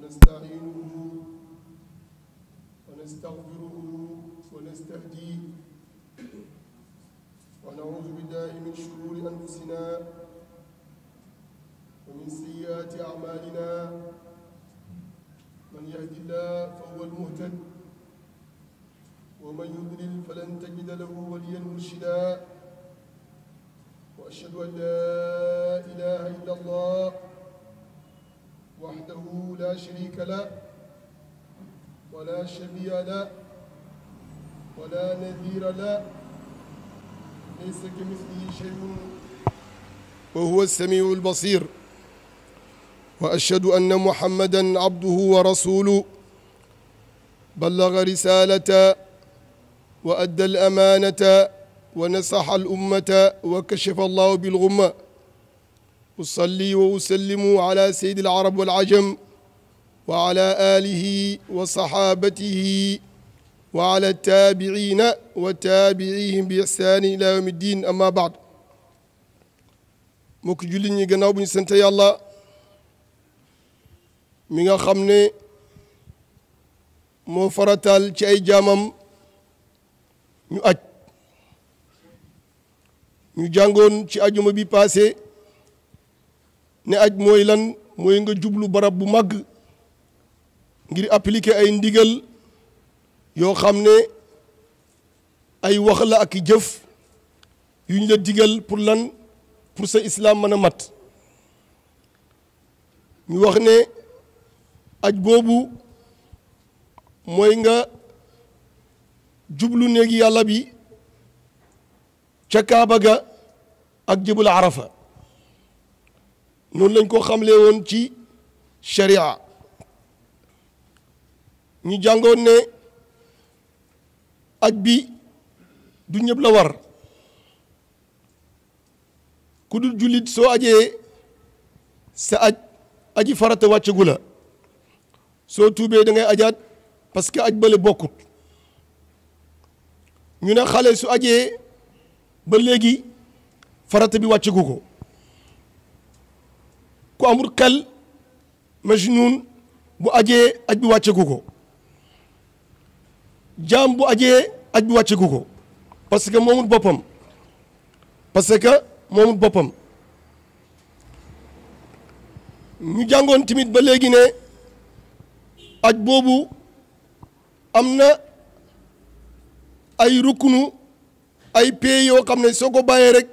ونستعينه ونستغفره ونستهديه ونعوذ بالله من شرور أنفسنا ومن سيئات أعمالنا من يهد الله فهو المهتد ومن يضلل فلن تجد له وليا مرشدا واشهد ان لا اله الا الله وحده لا شريك له ولا شبيه له ولا نذير له ليس كمثله شيء وهو السميع البصير واشهد ان محمدا عبده ورسوله بلغ رساله وادى الامانه ونصح الامه وكشف الله بالغمه usalli wa usallimu ala sayyidil arab wal ajam wa ala alihi wa sahaabatihi wa ala taabiciina wa taabicihim bi ixsaani ila yawmi diin amma baad mbokk jullit ñi gannaaw bu ñu sant yàlla mi nga xam ne moo farataal ci ay jaamam ñu aj ñu jàngoon ci ajuma bi paase ne aj mooy lan mooy nga jublu barab bu màgg ngir appliquer ay ndigal yoo xam ne ay wax la ak jëf yuñ la digal pour lan pour sa islam mën a mat ñu wax ne aj boobu mooy nga jublu néegi yàlla bi ca Kaaba ga ak jëbal Arafa noonu lañ ko xamle woon ci sharia ñu jàngoon ne aj bi du ñëpp la war ku du jullit soo ajee sa aj aji farata wàccagu la soo tuubee da ngay ajaat parce que aj bale bokkut ñu ne xale su ajee ba léegi farata bi wàccagu ko ku kel xel majnun bu ajee aj bi wàccegu ko jaam bu ajee aj bi wàccegu ko parce que moomul boppam parce que moomul boppam ñu jàngoon tamit ba léegi ne aj boobu am na ay rukkunu ay pays yoo xam ne soo ko bàyyee rek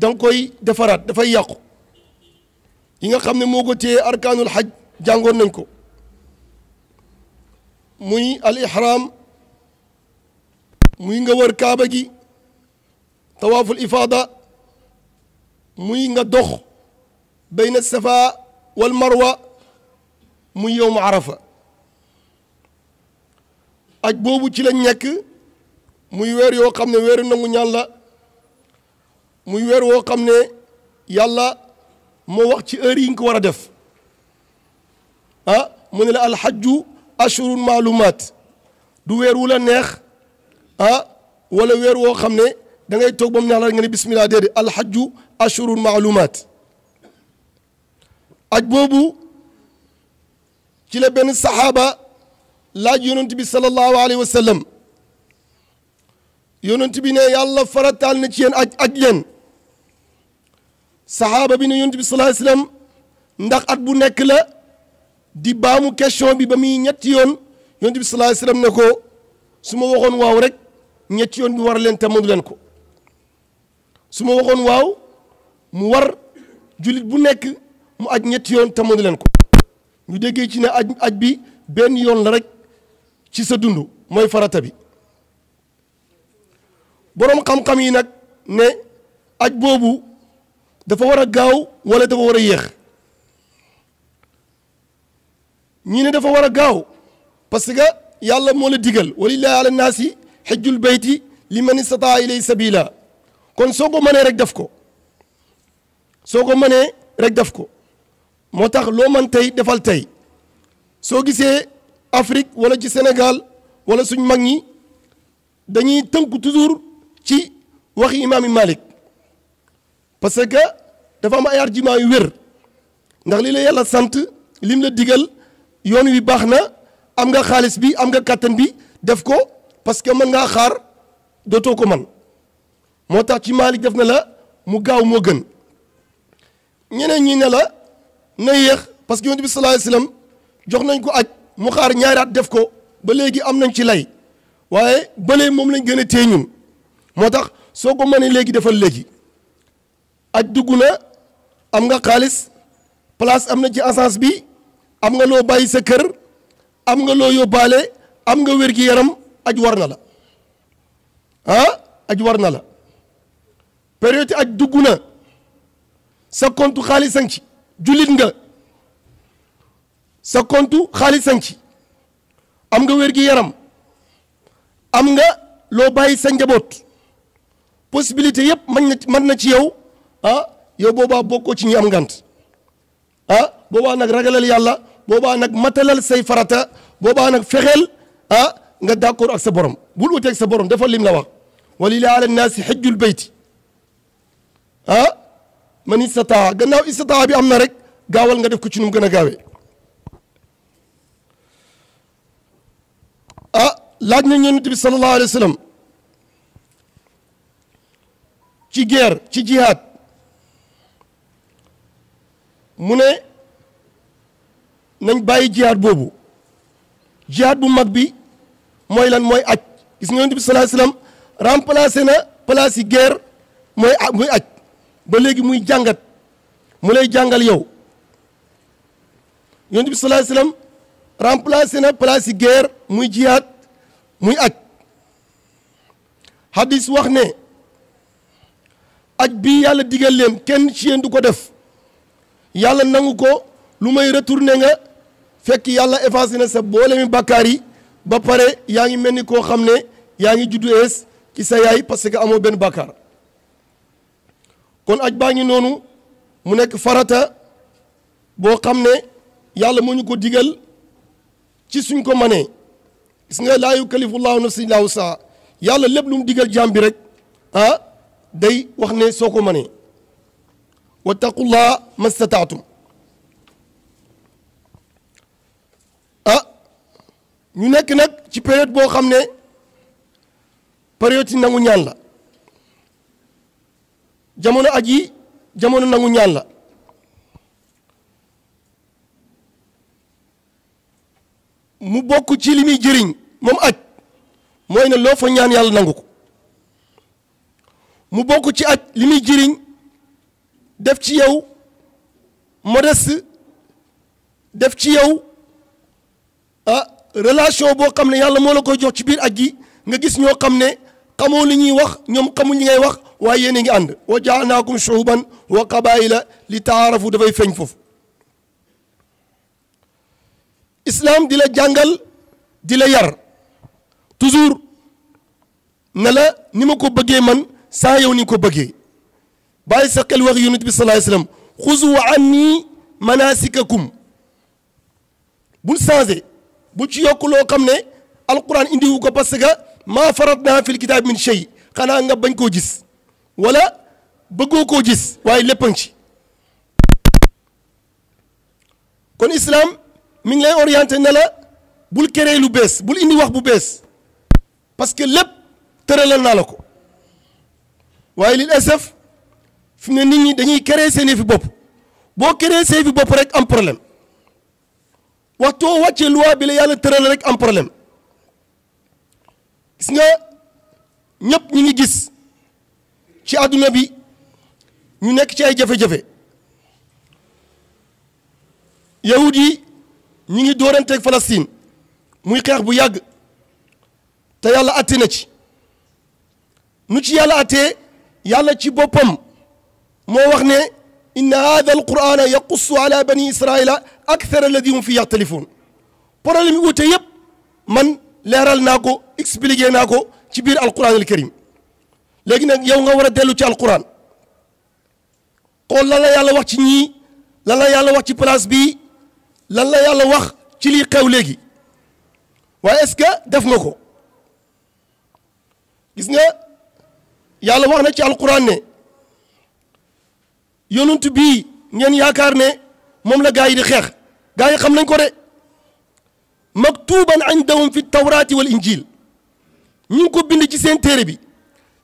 danga koy defaraat dafay yàqu yi nga xam ne moo ko téye arkaanul xaj jàngoon nañ ko muy al muy nga wër kaaba gi tawaaful ifaada muy nga dox bayna safa wal marwa muy yowmu arafa aj boobu ci lañ nekk muy weer yoo xam ne weeru nangu ñaan la muy weer woo xam ne yàlla moo wax ci heure yi nga ko war a def ah mu ne la alxajju ashurun maalumaat du weer wu la neex ah wala weer woo xam ne dangay toog ba mu neex la nga ne bismillah déedéet alxajju ashurun maalumaat aj boobu ci la benn saxaaba laaj yonent bi sallallahu alayhi wa sallam yonent bi ne yàlla farataal na ci yéen aj aj leen saxaaba bi ne yonent bi sallallahu alayhi ndax at bu nekk la di baamu question bi ba muy ñetti yoon yonent bi sallallahu alayhi ne ko su ma waxoon waaw rek ñetti yoon bi war leen te leen ko su ma waxoon waaw mu war jullit bu nekk mu aj ñetti yoon te mënu leen ko ñu déggee ci ne aj aj bi benn yoon la rek ci sa dund mooy farata bi boroom xam-xam yi nag ne aj boobu dafa war a gaaw wala dafa war a yéex ñii ne dafa war a gaaw parce que yàlla moo la digal walillahi ala naasi xejjul bayti liman istataa ilay sabila kon soo ko mënee rek def ko soo ko mënee rek def ko moo tax loo mën tey defal tey soo gisee Afrique walla ci Sénégal wala suñ mag ñi dañuy tënku toujours ci wax imaam Malik parce que dafa am ay argument yu wér ndax li la yàlla sant lim la diggal yoon wi baax na am nga xaalis bi am nga kattan bi def ko parce que mën ngaa xaar dootoo ko man moo tax ci Maalik def na la mu gaaw moo gën ñeneen ñi ne la na yéex parce que yonent bi sallallahu alayhi wasallam jox nañ ko aj mu xaar ñaari def ko ba léegi am nañ ci lay waaye bële moom lañ gën a téye moo tax soo ko mënee léegi defal léegi aj dugg na am nga xaalis place am na ci essence bi am nga loo bàyyi sa kër am nga loo yóbbaale am nga wér gi yaram aj war na la ah aj war na la période aj dugg na sa compte xaalis a ngi jullit nga sa compte xaalis a am nga wér yaram am nga loo bàyyi sa njaboot possibilité yëpp mën na mën na ci yow Ah, yow booba bokkoo ci ñi am ngant ah boobaa nag ragalal yàlla boobaa nag matalal say farata boobaa nag fexeel ah nga d'accord ak sa borom bul wuteeg sa borom defal lim la wax walilahi ala nnaasi xajjul bayti ah man istataa gannaaw istataa bi am na rek gaawal nga def ko ci num gën a gaawee ah laaj na yonent bi sallallahu alayhi wa ci guerre ci jihad mu ne nañ bàyyi jihaad boobu jihaad bu mag bi mooy lan mooy aj gis nga yonent bi sallallahu alayhi wasallam remplacé na place yi mooy muy aj ba léegi muy jàngat mu lay jàngal yow yonent bi sallallahu alayhi wasallam remplacé na place yi muy jihaad muy aj hadis wax ne aj bi yàlla digal leen kenn ci yéen du ko def yàlla nangu ko lu may retourné nga fekk yàlla effacé na sa boole mi bàkkaar yi ba pare yaa ngi mel ni koo xam ne yaa ngi juddu ees ci sa yaay parce que amoo benn bàkkaar kon aj baa ngi noonu mu nekk farata boo xam ne yàlla moo ñu ko digal ci suñ ko ma manee si nga laa yukallifullaahu nafsan illaa wusahaa yàlla lépp lu mu digal jaam bi rek ah day wax ne soo ko manee wattaqullah mastataatum a ñu nekk nag ci période boo xam ne période si nangu ñaan la jamono aji jamono nangu ñaan la mu bokk ci li muy jëriñ moom aj mooy na loo fa ñaan yàlla nangu ko mu bokk ci aj li muy jëriñ def ci yow modeste def ci yow ah relation boo xam ne yàlla moo la koy jox ci biir ak gi nga gis ñoo xam ne xamoo li ñuy wax ñoom xamuñ li ngay wax waaye yéen a ngi ànd wa jaalnaakum shuuban wa qabaila li taarafu dafay feeñ foofu islaam di la jàngal di la yar toujours nala ni ma ko bëggee man saa yow ni ko bëggee bàyyi sa xel wax yonent bi salaay salaam xuzu anni manasikakum bul changé bu ci yokk loo xam ne alquran indiwu ko parce que maa faratna fil kitaab min shay xanaa nga bañ koo gis wala bëggoo koo gis waaye lépp kon islam mi ngi lay orienté ne bul kéré lu bees bul indi wax bu bees parce que lépp tëralal naa la ko waaye fi ne nit ñi dañuy créer seen fi bopp boo këree seen fi bopp rek am problème waxtoo wàcce loi bi la yàlla tëral rek am problème gis nga ñépp ñu ngi gis ci àdduna bi ñu nekk ci ay jafe-jafe yahud yi ñi ngi dóoranteeg Palestine muy xeex bu yàgg te yàlla atte na ci nu ci yàlla attee yàlla ci boppam moo wax ne inna hada alqurana yaqussu ala bani israila akthar alladi hum fi yaxtalifuun problème yi wute yëpp man leeral naa ko expliqué naa ko ci biir alquran al karim léegi nag yow nga war a dellu ci alquran xool lan la yàlla wax ci ñii lan la yàlla wax ci place bi lan la yàlla wax ci lii xew léegi waaye est-ce que def nga ko gis nga yàlla wax na ci alquran ne yonent bii ngeen yaakaar ne moom la gaa yi di xeex gaa yi xam nañ ko de maktuban indahum fi tawraati wal injil ñu ngi ko bind ci seen téere bi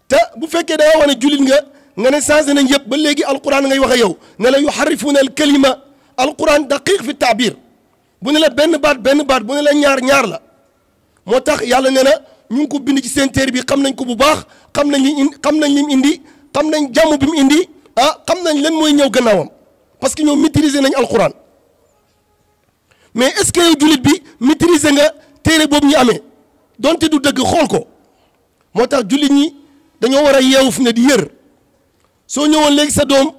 te bu fekkee danga wax ne julit nga nga ne changé nañ yëpp ba léegi alquran ngay wax a yow ne la yuharrifuuna al kalima alquran daqiq fi taabir bu la benn baat benn baat bu ne la ñaar la moo tax yàlla ne na ñu ko bind ci seen téere bi xam nañ ko bu baax xam nañ li xam nañ lim indi xam nañ jàmm bi indi ah xam nañ leen mooy ñëw gannaawam parce que ñoom maîtriser nañ alquran mais est-ce que yow jullit bi maîtriser nga téere boobu ñu amee donte du dëgg xool ko moo tax jullit ñi dañoo war a yeewu fu ne di yër soo ñëwoon léegi sa doom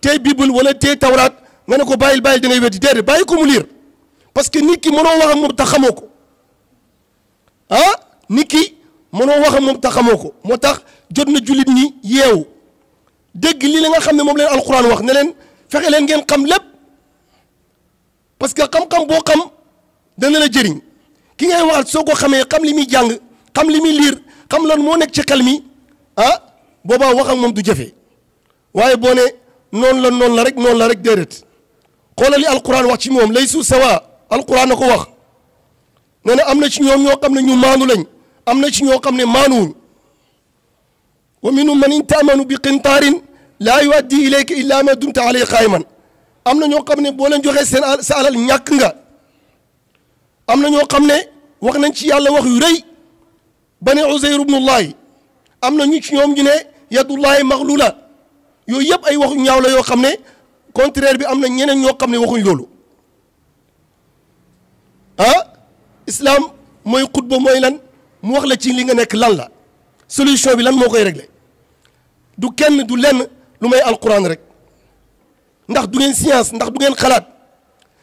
tey bible wala tey tawraat nga ne ko bàyyil bàyyil da ngay weddi déedéet bàyyi ko mu liir parce que nit ki mënoo wax ak moom tax xamoo ko ah nit ki mënoo waxam moom tax xamoo ko moo tax jot na jullit ñi yeewu. dégg lii la nga xam ne moom leen alquran wax ne leen fexe leen ngeen xam lépp parce que xam-xam boo xam dana la jëriñ ki ngay waxal soo ko xamee xam li muy jàng xam li muy liir xam lan moo nekk ci xel mi ah boobaa wax ak moom du jafe waaye boo ne noonu la noonu la rek noonu la rek déedéet xoolal li alquran wax ci moom laysu sawa alquran na ko wax nee na am na ci ñoom ñoo xam ne ñu maanu lañ am na ci ñoo xam ne maanuwuñ wa minhum man in taamanu laa yuwaddi ilayka illa ma dumta alayhi qaayiman am na ñoo xam ne boo leen joxee seen sa alal ñàkk nga am na ñoo xam ne wax nañ ci yàlla wax yu rëy ba ne Uzayr ibnullahi am na ñu ci ñoom ñu ne yadullahi maxlula yooyu yëpp ay waxu ñaaw la yoo xam ne contraire bi am na ñeneen ñoo xam ne waxuñ loolu ah islam mooy xutba moy lan mu wax la ci li nga nekk lan la solution bi lan moo koy réglé du kenn du lenn lu may alquran rek ndax du ngeen science ndax du ngeen xalaat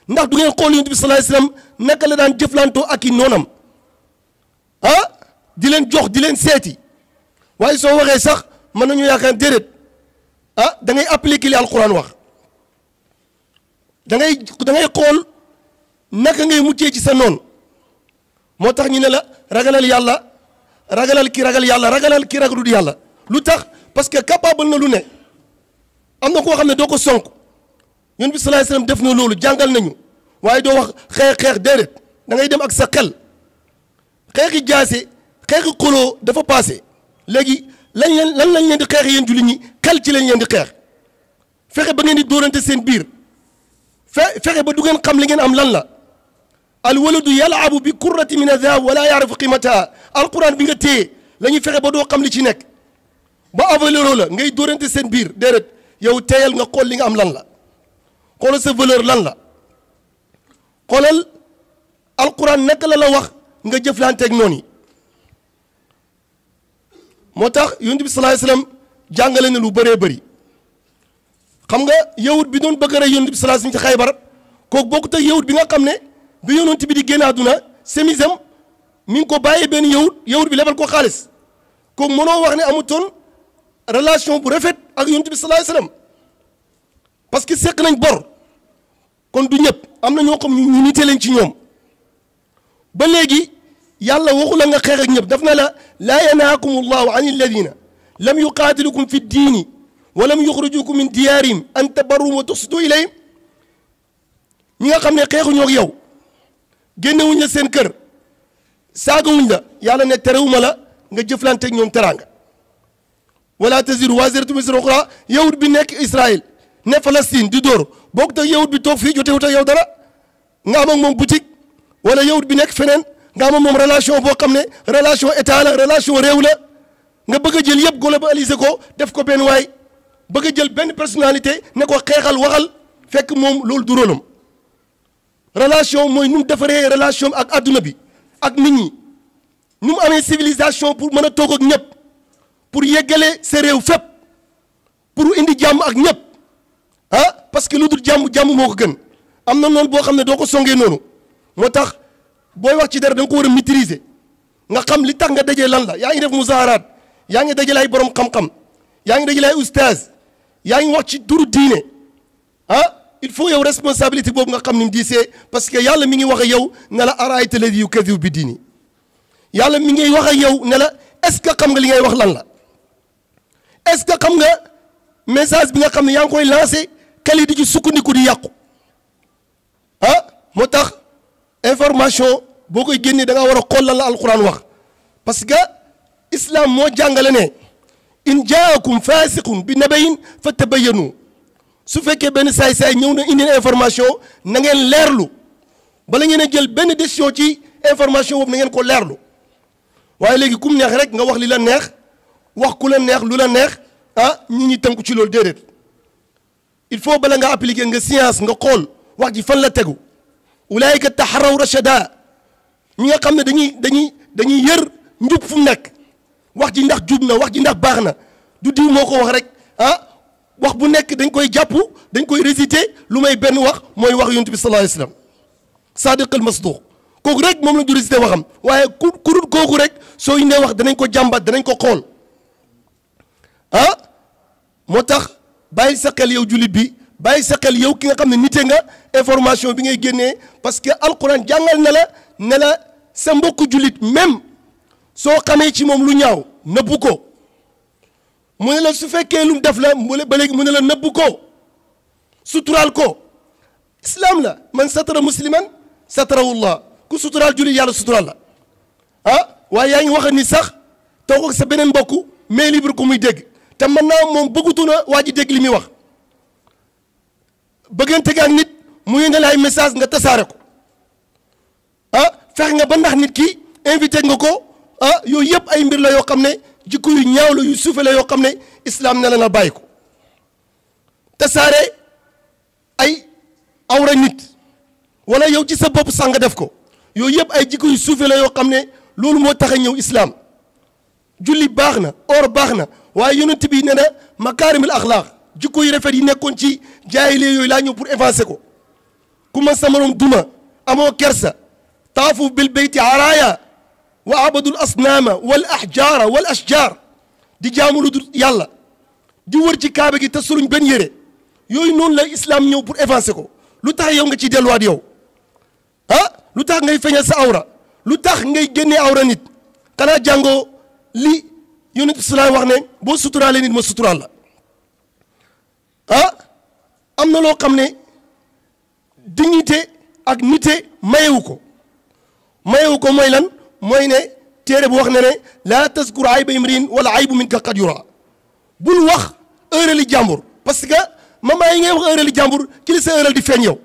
ndax du ngeen xool yonent bi salaay salaam naka la daan jëflantoo ak i noonam ah di leen jox di leen seeti waaye soo waxee sax mën nañu yaakaar déedéet ah da ngay appliquer li alquran wax da ngay da ngay xool naka ngay muccee ci sa noon moo tax ñu ne la ragalal yàlla ragalal ki ragal yàlla ragalal ki ragalul yàlla lu tax parce que capable na lu ne. am na koo xam ne doo ko sonk ñun bi salaay salaam def na loolu jàngal nañu waaye doo wax xeex xeex da ngay dem ak sa xel xeexi jaase xeexi xoloo dafa paase léegi lañ leen lan lañ leen di xeex yéen jullit ñi xel ci lañ leen di xeex fexe ba ngeen di dóorante seen biir fe fexe ba du ngeen xam li ngeen am lan la alwaladu yalaabu bi kurrati min adahab wala yaarifu qimataha alquran bi nga téye la ñuy fexe ba doo xam li ci nekk ba avalero la ngay dóorante seen biir déedéet yow teeyal nga xool li nga am lan la xoolal sa valeur lan la xoolal alquran naka la la wax nga jëflanteeg noonu yi moo tax yonent bi salaay salaam jàngale na lu bëree bëri xam nga yawut bi doon bëgg a rey yonent bi salaay salaam ci xaybar kooku bokkut ak bi nga xam ne bi yonent bi di génn àdduna semisam mi ngi ko bàyyee benn yawut yawut bi lebal ko xaalis kooku mënoo wax ne amutoon. relation bu rafet ak yonent bi salaay salaam parce que seq nañ bor kon du ñëpp am na ñoo xam ñu nite leen ci ñoom ba léegi yàlla waxu la nga xeex ñëpp daf na la laa yanhaakum allahu an alladina lam yuqaatilukum fi ddiini wa lam yuxrijukum min diyaarihim an tabarrum wa tuqsitu ilayhim ñi nga xam ne xeexuñoo ak yow génnewuñ la seen kër saagawuñ la yàlla ne terewuma la nga jëflante ak ñoom teraanga wala taziru waziratun wizra ukhra yahud bi nekk Israël ne Palestine di dóor bokkut ak yahud bi toog fii jotewut ak yow dara nga am ak moom boutique wala yahud bi nekk feneen nga am moom relation boo xam ne relation état la relation réew la nga bëgg a jël yëpp globaliser ko def ko benn waay bëgg a jël benn personnalité ne ko xeexal waxal fekk moom loolu du rôlam relation mooy nu defaree relation ak adduna bi ak nit ñi nu amee civilisation pour mën a toog ak ñëpp. pour yeggale sa réew fépp pour indi jàmm ak ñëpp ah parce que lu dul jàmm jàmm moo ko gën am na noonu boo xam ne doo ko songee noonu moo tax booy wax ci dara da nga ko war a nga xam li tax nga dajee lan la yaa ngi def musaaraat yaa ngi dajale ay borom xam-xam yaa ngi dajale ay oustaz yaa ngi wax ci turu diine ah il faut yow responsabilité boobu nga xam ni mu diisee parce que yàlla mi ngi wax ak yow ne la araayta ladi yukadibu bi diini yàlla mi ngi wax ak yow ne est ce que xam nga li ngay wax lan est-ce que xam nga message bi nga xam ne yaa ngi koy lancé kali di ci sukkandiku di yàqu ah moo tax information boo koy génnee danga nga war a xool lan la alquran wax parce que islam moo jàngale ne in jaakum faasiqun bi nabayin fa tabayanu su fekkee benn saay-saay ñëw na indi information na ngeen leerlu bala ngeen a jël benn décision ci information boobu na ngeen ko leerlu waaye léegi kum neex rek nga wax li la neex wax ku la neex lu la neex ah ñi ñi tënku ci loolu déedéet il faut bala nga appliquer nga science nga xool wax ji fan la tegu ulaayika taxaraw rachada ñi nga xam ne dañuy dañuy dañuy yër njub fu mu nekk wax ji ndax jub na wax ji ndax baax na du diw moo ko wax rek ah wax bu nekk dañ koy jàpp dañ koy réciter lu may benn wax mooy wax yonent bi sallallahu alayhi wasallam sadiq al masduq kooku rek moom la ñu réciter waxam waaye ku ku dul kooku rek soo indee wax danañ ko jàmbat danañ ko xool ah moo tax bàyyi sa xel yow jullit bi bàyyi sa xel yow ki nga xam ne nite nga information bi ngay génnee parce que alquran jàngal na la ne la sa mbokku jullit même soo xamee ci moom lu ñaaw nëbbu ko mu ne la su fekkee lum def la mu ba léegi ne la nëbbu ko suturaal ko islam la man satara musliman satarawullah ku suturaal jullit yàlla suturaal la ah waaye yaa ngi wax ni sax toog ak sa beneen mbokk mais libre ko muy dégg. te mën naa moom bëggutu na waa ji dégg li muy wax bëggante ga ak nit mu yëngal ay message nga tasaare ko ah fex nga ba ndax nit ki invité nga ko ah yooyu yëpp ay mbir la yoo xam ne jikko yu ñaaw la yu suufe la yoo xam ne islaam ne la nga bàyyi ko tasaare ay awra nit wala yow ci sa bopp sax def ko yooyu yëpp ay jikko yu suufe la yoo xam ne loolu moo taxe ñëw islaam julli baax na or baax na waaye yonent bi ne na makaarimil axlaaq jikko yu rafet yi nekkoon ci jaayile yooyu laa ñëw pour avancer ko ku ma samarom duma amoo kersa taafu bil beyti araaya wa abadul asnaama wal ahjaara wal ashjaar di jaamulu du yàlla di wër ci kaaba gi te suluñ benn yére yooyu noonu la islam ñëw pour avancer ko lu tax yow nga ciy delluwaat yow ah lu tax ngay feeñal sa awra lu tax ngay génnee awra nit xanaa jàngoo li yonent salaay wax ne boo suturaalee nit ma suturaal ah am na loo xam ne dignité ak nité mayewu ko mayewu ko mooy lan mooy ne tere bu wax ne ne laa taskur ayba imrin wala aybu min ka qad yura bul wax heurali jàmbur parce que maman yi ngay wax heurali jàmbur ki di feeñ yow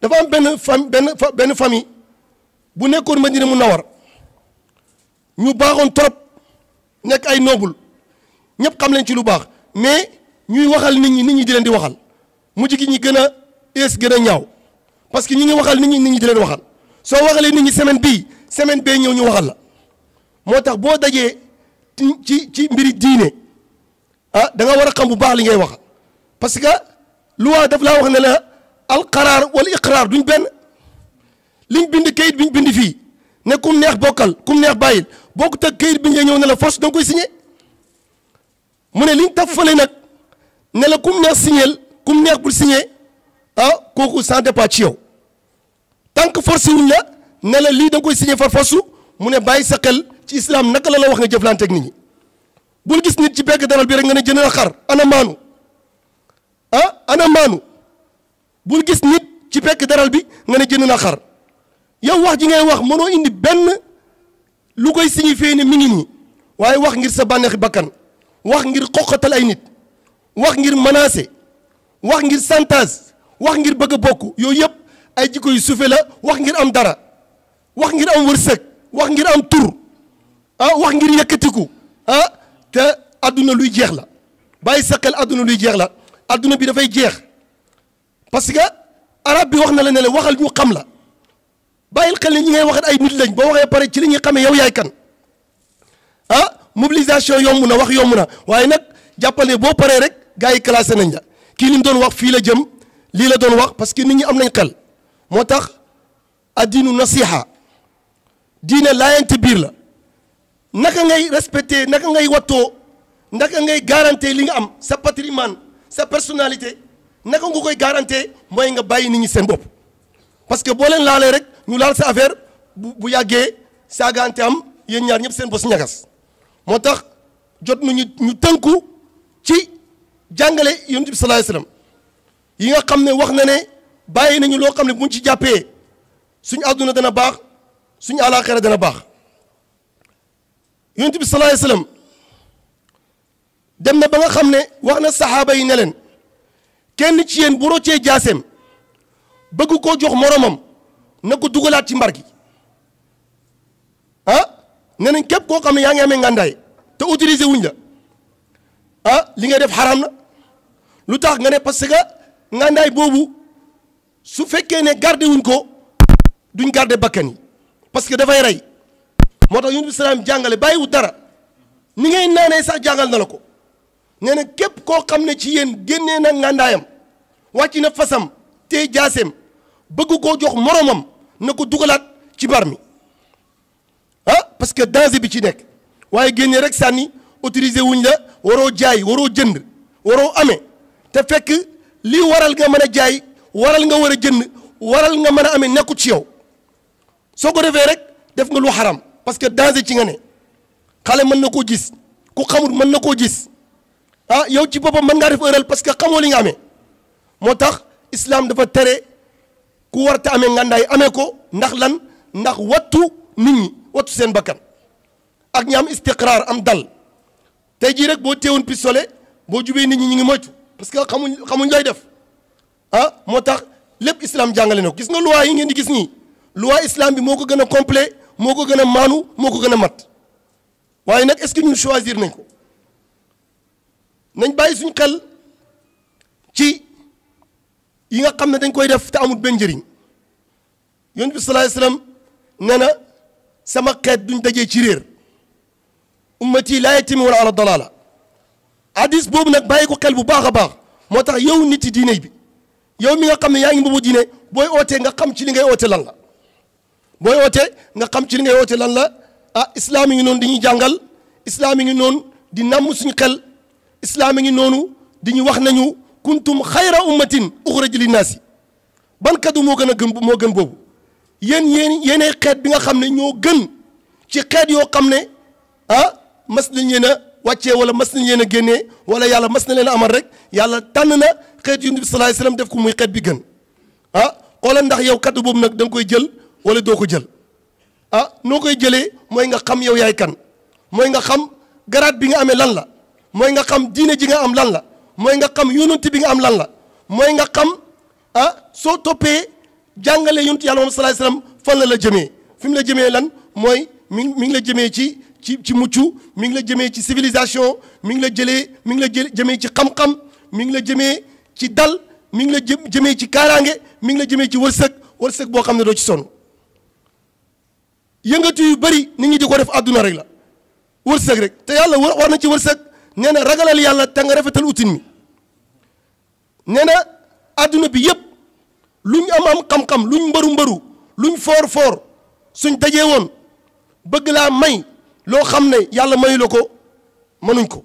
dafa am benn fam benn benn famille bu nekkoon Madina mu nawar trop nekk ay noble ñëpp xam leen ci lu baax mais ñuy waxal nit ñi nit ñi di leen di waxal mujj gi ñi gën a ees gën a ñaaw parce que ñi ngi waxal nit ñi nit ñi di leen waxal soo waxalee nit ñi semaine bii semaine bee ñëw ñu waxal moo tax boo dajee ci ci mbiri diine ah da nga war a xam bu baax li ngay wax parce que loi daf laa wax ne la alqaraar wala iqraar duñ benn liñ bind kayit biñ bind fii ne kum neex bokkal kum neex bàyyil boo ko teg këyit bi nga ñëw ne la force danga koy signé mu ne liñ tafale nag ne la kum neex signeel kum neex bul signé ah kooku ça ci yow tant que force wuñ la ne la lii danga koy signé far force mu ne bàyyi sa xel ci islam naka la la wax nga jëflanteeg nit ñi bul gis nit ci bekk daral bi rek nga ne jënd na xar ana maanu ah ana maanu bul gis nit ci bekk daral bi nga ne jënd na xar. yow wax ji ngay wax mënoo indi benn lu koy signifié ne mi ngi nii waaye wax ngir sa bànneexi bakkan wax ngir xoqatal ay nit wax ngir menacer wax ngir chantage wax ngir bëgg a bokk yooyu yëpp ay jikko yu suufe la wax ngir am dara wax ngir am wërsëg wax ngir am tur ah wax ngir yëkkatiku ah te luy jeex la bàyyi sa xel adduna luy jeex la adduna bi dafay jeex parce que arab bi wax na la ne waxal ñu xam la bàyyil xel ne ñi ngay waxat ay nit lañ boo waxee pare ci li ñuy xamee yow yaay kan ah mobilisation yomb na wax yomb na waaye nag jàppal boo paree rek gars yi classé nañ la kii li mu doon wax fii la jëm lii la doon wax parce que nit ñi am nañ xel moo tax addinu nasiha diine laayante biir la naka ngay respecté naka ngay wattoo naka ngay garanté li nga am sa patrimoine sa personnalité naka nga koy garanté mooy nga bàyyi nit ñi seen bopp parce que boo leen laalee rek ñu laal si affaire bu bu yàggee saagaante am yéen ñaar ñëpp seen bos ñagas moo tax jot nañu ñu tënku ci jàngale yonent bi sallallahu alayhi yi nga xam ne wax na ne bàyyi nañu loo xam ne buñ ci jàppee suñu àdduna dana baax suñ àllaaxira dana baax yonent bi sallallahu alayhi dem na ba nga xam ne wax na saxaaba yi ne leen kenn ci yéen bu roccee jaaseem bëggu koo jox moromam. na ko dugalaat ci mbarki gi ah nee nañ képp koo xam ne yaa ngi amee ngàndaay te utiliser wuñ la ah li ngay def xaraam na lu tax nga ne parce que ngàndaay boobu su fekkee ne garde wuñ ko duñ garde bakkan yi parce que dafay rey moo tax yunus bi jàngale bàyyiwu dara ni ngay naanee sax jàngal na la ko nee na képp koo xam ne ci yéen génnee na ngàndaayam wàcc na fasam te jaaseem bëgg koo jox moromam na ko dugalaat ci bar mi ah parce que danger bi ci nekk waaye génne rek sànni autorisé wuñ la waroo jaay waroo jënd waroo amee te fekk li waral nga mën a jaay waral nga war a jënd waral nga mën a amee nekkut ci yow soo ko defee rek def nga lu xaram parce que danger ci nga ne xale mën na koo gis ku xamul mën na koo gis ah yow ci boppam mën ngaa def erreur parce que xamoo li nga ame moo tax islam dafa tere. ku war ta amee ngàndaay amee ko ndax lan ndax wattu nit ñi wattu seen bakkan ak ñi am istiqraar am dal tey jii rek boo teewoon pistolet boo jubee nit ñi ñu ngi moytu parce que xamuñ xamuñ lay def ah moo tax lépp islam jàngale na ko gis nga loi yi ngeen di gis nii loi islam bi moo ko gën a complet moo ko gën a maanu moo ko gën a mat waaye nag est-ce ñun choisir nañ ko nañ bàyyi suñ xel ci yi nga xam ne dañ koy def te amul benn njëriñ yonent bi salaay salaam nee na sama xeet duñ dajee ci réer ummati laa yatimu wala ala dalala hadis boobu nag bàyyi ko xel bu baax a baax moo tax yow nit yi diine bi yow mi nga xam ne yaa ngi mboobu diine booy ootee nga xam ci li ngay oote lan la booy nga xam ci li ngay oote lan la ah islaam yi ngi noonu dañuy jàngal islaam yi ngi noonu di namm suñu xel islaam yi ngi noonu di ñu wax nañu kuntum xayra ummatin uxraj li naasi ban kaddu mo gën a gën moo gën boobu yéen yéen yéenay xeet bi nga xam ne ñoo gën ci xeet yoo xam ne ah mas nañ leen a wàccee wala mas nañ leen a génnee wala yàlla mas na leen a rek yàlla tànn na xeet yu nabi sallallahu alayhi wasallam def ko muy xeet bi gën ah xoolal ndax yow kaddu boobu nag da koy jël wala doo ko jël ah noo koy jëlee mooy nga xam yow yaay kan mooy nga xam garaat bi nga amee lan la mooy nga xam diine ji nga am lan la mooy nga xam yonent bi nga am lan la mooy nga xam ah soo toppee jàngale yonent yàlla moom salaay salaam fan la la jëmee fi mu la jamee lan mooy mi mi ngi la jëmee ci ci ci mucc mi ngi la jëmee ci civilisation mi ngi la jëlee mi ngi la jëmee ci xam mi ngi la jëmee ci dal mi ngi la jë jëmee ci kaaraange mi ngi la jëmee ci wërsëg wërsëg boo xam ne doo ci sonn yëngatu yu bëri nit ñi di ko def àdduna rek la wërsëg rek te yàlla war na ci wërsëg nee na ragalal yàlla te nga rafetal utin mi nee na àdduna bi yëpp luñ am am lu xam luñ mbëru lu luñ foor foor suñ dajee woon bëgg laa may loo xam ne yàlla mayu la ko mënuñ ko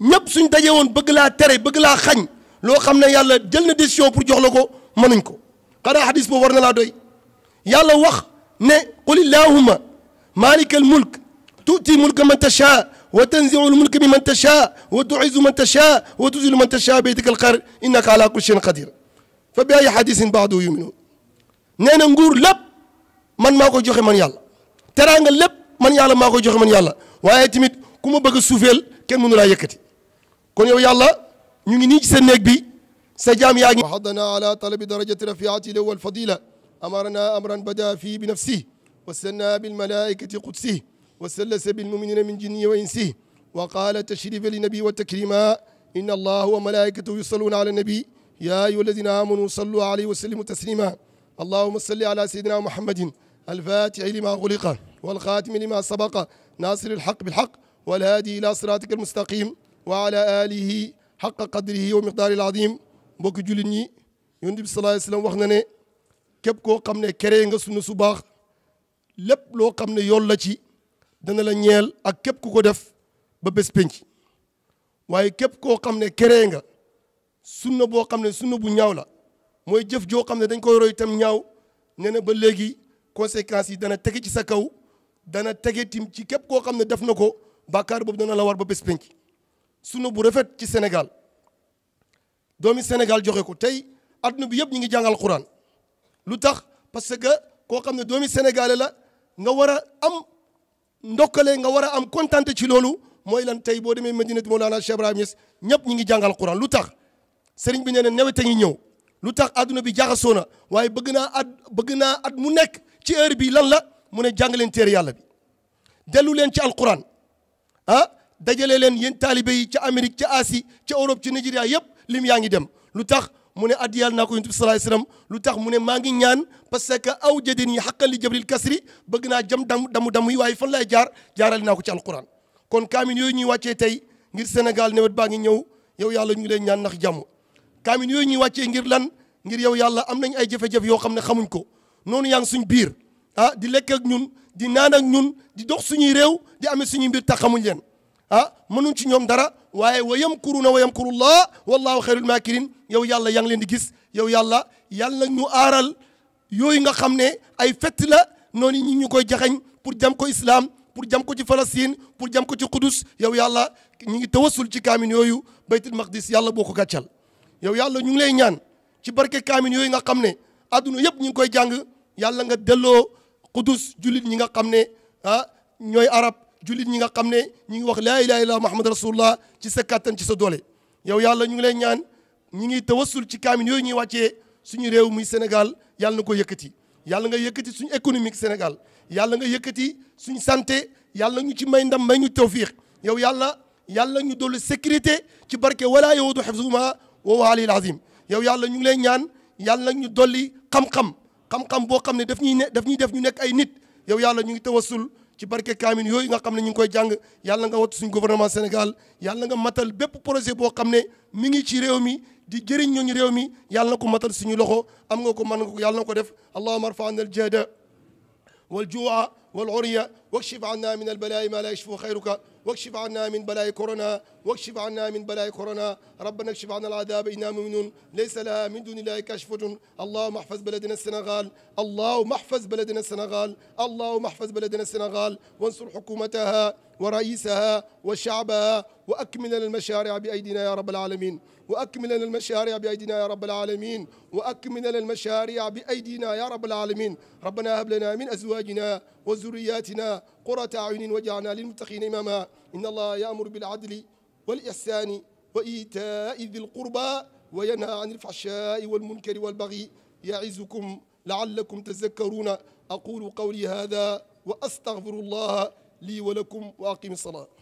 ñëpp suñ dajee woon bëgg laa tere bëgg laa xañ loo xam ne yàlla jël na décision pour jox la ko mënuñ ko xanaa xadis boobu war na laa doy yàlla wax ne qul illahuma malika al mulk tuuti mulka man tasha وتنزع الملك ممن تشاء وتعز من تشاء وتذل من تشاء بيتك القهر إنك على كل شيء قدير fa bi ay xadis ba'dahu yu'minuun nee na nguur lépp man maa ko joxe man yàlla teraanga lépp man yàlla maa ko joxe man yàlla waaye tamit ku ma bëgg a suufeel kenn mënu laa yëkkati kon yow yàlla ñu ngi nii ci sa néeg bi sa jaam yaa ngi hadana ala talabi darajati rafiati law al fadila amarna amran bada fi bi nafsihi wa sanna bil malaikati qudsihi وسلس بالمؤمنين من جنه وإنسه وقال تشريفا للنبي وتكريما إن الله وملائكته يصلون على النبي يا أيها الذين آمنوا صلوا عليه وسلموا تسليما اللهم صل على سيدنا محمد الفاتح لما غلق والخاتم لما سبق ناصر الحق بالحق والهادي إلى صراطك المستقيم وعلى آله حق قدره ومقداره العظيم mbokk jullit ñi yonent bi sallallahu alayhi wasallam wax na ne képp koo xam ne kere nga sunna su baax lépp loo xam ne yoon la ci dana la ñeel ak képp ku ko def ba bés pénc waaye képp koo xam ne keree nga sunna boo xam ne sunna bu ñaaw la mooy jëf joo xam ne dañ koy roy itam ñaaw nee na ba léegi conséquences yi dana tege ci sa kaw dana tege tim ci képp koo xam ne def na ko bàkkaar boobu dana la war ba bés pénc sunna bu rafet ci Sénégal doomi Sénégal joxe ko tey adduna bi yëpp ñu ngi jàngal Quraan lu tax parce que koo xam ne doomi sénégalais la nga war a am ndokkale nga war a am kontante ci loolu mooy lan tey boo demee Madinatu Mawlana Cheikh Ibrahima Niass ñëpp ñi ngi jàngal Quran lu tax sëriñ bi nee na nawet a ngi ñëw lu tax adduna bi jaxasoo na waaye bëgg naa at bëgg naa at mu nekk ci heure bi lan la mu ne jàng leen téere yàlla bi dellu leen ci alquran ah dajale leen yéen taalibe yi ca Amérique ca Asie ca Europe ci Nigeria yëpp lim yaa ngi dem lu tax mu ne addiyal naa ko yonent bi lu tax mu ne maa ngi ñaan parce que aw jëdin yi xaqan li jabril kasri bëgg naa jëm dam damu damu waaye fan laay jaar jaarale naa ko ci alquran kon kaamin yooyu ñuy wàccee tey ngir Sénégal nawet baa ngi ñëw yow yàlla ñu ngi leen ñaan ndax jàmm kaamin yooyu ñuy wàccee ngir lan ngir yow yàlla am nañ ay jafe-jafe yoo xam ne xamuñ ko noonu yang ngi biir ah di lekkek ñun di naan ak ñun di dox suñuy réew di amee suñuy mbir tax xamuñ leen ah mënuñ ci ñoom dara waaye wa yamkuruuna wa yamkurullah wallahu xayrul makirin yow yàlla yaa ngi leen di gis yow yàlla yàlla ñu aaral yooyu nga xam ne ay fett la noonu ñi ñu koy jaxañ pour jam ko islam pour jam ko ci Palestine pour jam ko ci Qudus yow yàlla ñu ngi tawasul ci kaamin yooyu baytul maqdis yàlla boo ko gàccal yow yàlla ñu ngi lay ñaan ci barke kaamin yooyu nga xam ne adduna yëpp ñu ngi koy jàng yàlla nga delloo Qudus jullit ñi nga xam ne ah ñooy arab jullit ñi nga xam ne ñi ngi wax laa ilaha illallah muhammad rasulullah ci sa kàttan ci sa doole yow yàlla ñu ngi lay ñaan ñi ngi tawassul ci kaamin yooyu ñuy wàccee suñu réew muy Sénégal yàlla na ko yëkkati yàlla nga yëkkati suñu économique Sénégal yàlla nga yëkkati suñu santé yàlla ñu ci may ndam may ñu tawfiq yow yàlla yàlla ñu dolli sécurité ci barke walaa yowudu xifzuhuma wa huwa aliyul azim yow yàlla ñu ngi lay ñaan yàlla ñu dolli xam-xam xam-xam boo xam ne daf ñuy ne daf ñuy def ñu nekk ay nit yow yàlla ñu ngi tawassul ci barke kaamin yooyu nga xam ne ñu ngi koy jàng yàlla nga wattu suñ gouvernement Sénégal yàlla nga matal bépp projet boo xam ne mi ngi ci réew mi di jëriñ ñooñu réew mi yàlla na ko matal suñu loxo am nga ko man nga ko yàlla na ko def allahumma arfa anna al jahda wal ju'a والعري واكشف عنا من البلاء ما لا يكشفه خيرك واكشف عنا من بلاء كورونا واكشف عنا من بلاء كورونا ربنا اكشف عنا العذاب إنا مؤمنون ليس لها من دون الله كاشفة اللهم احفظ بلدنا السنغال اللهم احفظ بلدنا السنغال اللهم احفظ بلدنا السنغال وانصر حكومتها ورئيسها وشعبها وأكمل المشاريع بأيدينا يا رب العالمين وأكمل لنا المشاريع بأيدينا يا رب العالمين وأكمل لنا المشاريع بأيدينا يا رب العالمين ربنا هب لنا من أزواجنا وذرياتنا قرة أعين واجعلنا للمتقين إماما إن الله يأمر بالعدل والإحسان وإيتاء ذي القربى وينهى عن الفحشاء والمنكر والبغي يعزكم لعلكم تذكرون أقول قولي هذا وأستغفر الله لي ولكم وأقيم الصلاة